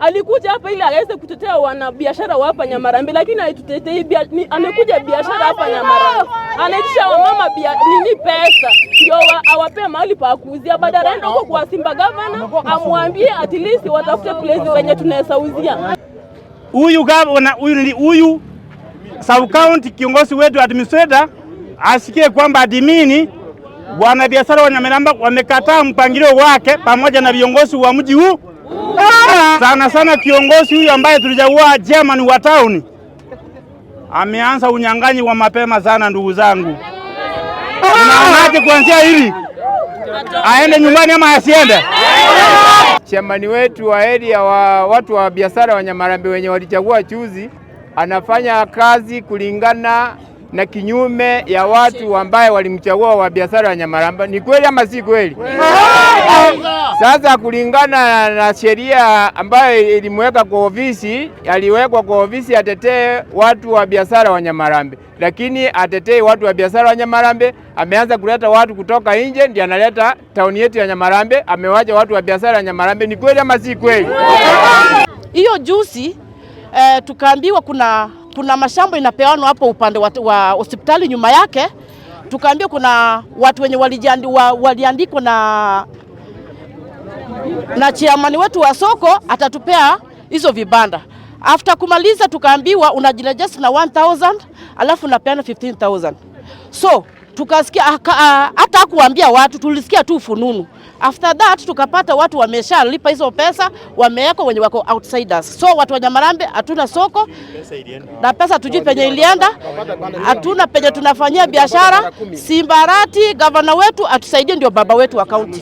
Alikuja hapa ili aweze kutetea wanabiashara wa hapa Nyamarambi, lakini haitutetei. Amekuja biashara hapa Nyamarambi, anaitisha wamama bia, nini pesa ndio awape mahali pa kuuzia, badala aende huko kwa Simba gavana amwambie at least watafute place wenye tunaweza uzia huyu gavana huyu Sub County kiongozi wetu administrator asikie kwamba adimini wanabiashara wa Nyamirambo wamekataa mpangilio wake pamoja na viongozi wa mji huu sana sana. Kiongozi huyu ambaye tulichagua chairman wa town ameanza unyang'anyi wa mapema sana, ndugu zangu. Unaonaje kuanzia hili, aende nyumbani ama asiende? Chairman wetu wa area wa watu wa biashara wa Nyamarambe wenye walichagua chuzi anafanya kazi kulingana na kinyume ya watu ambaye walimchagua wa biashara ya Nyamaramba. Ni kweli ama si kweli? Sasa kulingana na sheria ambayo ilimweka kwa ofisi, aliwekwa kwa ofisi atetee watu wa biashara wa Nyamarambe, lakini atetee watu wa biashara wa Nyamarambe. Ameanza kuleta watu kutoka nje, ndio analeta tauni yetu ya Nyamarambe, amewacha watu wa biashara ya Nyamarambe. Ni kweli ama si kweli? Hiyo juzi eh, tukaambiwa kuna kuna mashamba inapeanwa hapo upande wa hospitali nyuma yake, tukaambia kuna watu wenye waliandikwa na na chiamani wetu wa soko atatupea hizo vibanda. After kumaliza, tukaambiwa unajirejesha na 1000 alafu unapeana 15000 so tukasikia ah, hata kuambia watu, tulisikia tu fununu. After that tukapata watu wameshalipa hizo pesa, wamewekwa wenye wako outsiders. So watu wa Nyamarambe hatuna soko na pesa tujui penye ilienda, hatuna penye tunafanyia biashara. Simbarati gavana wetu atusaidie, ndio baba wetu wa kaunti.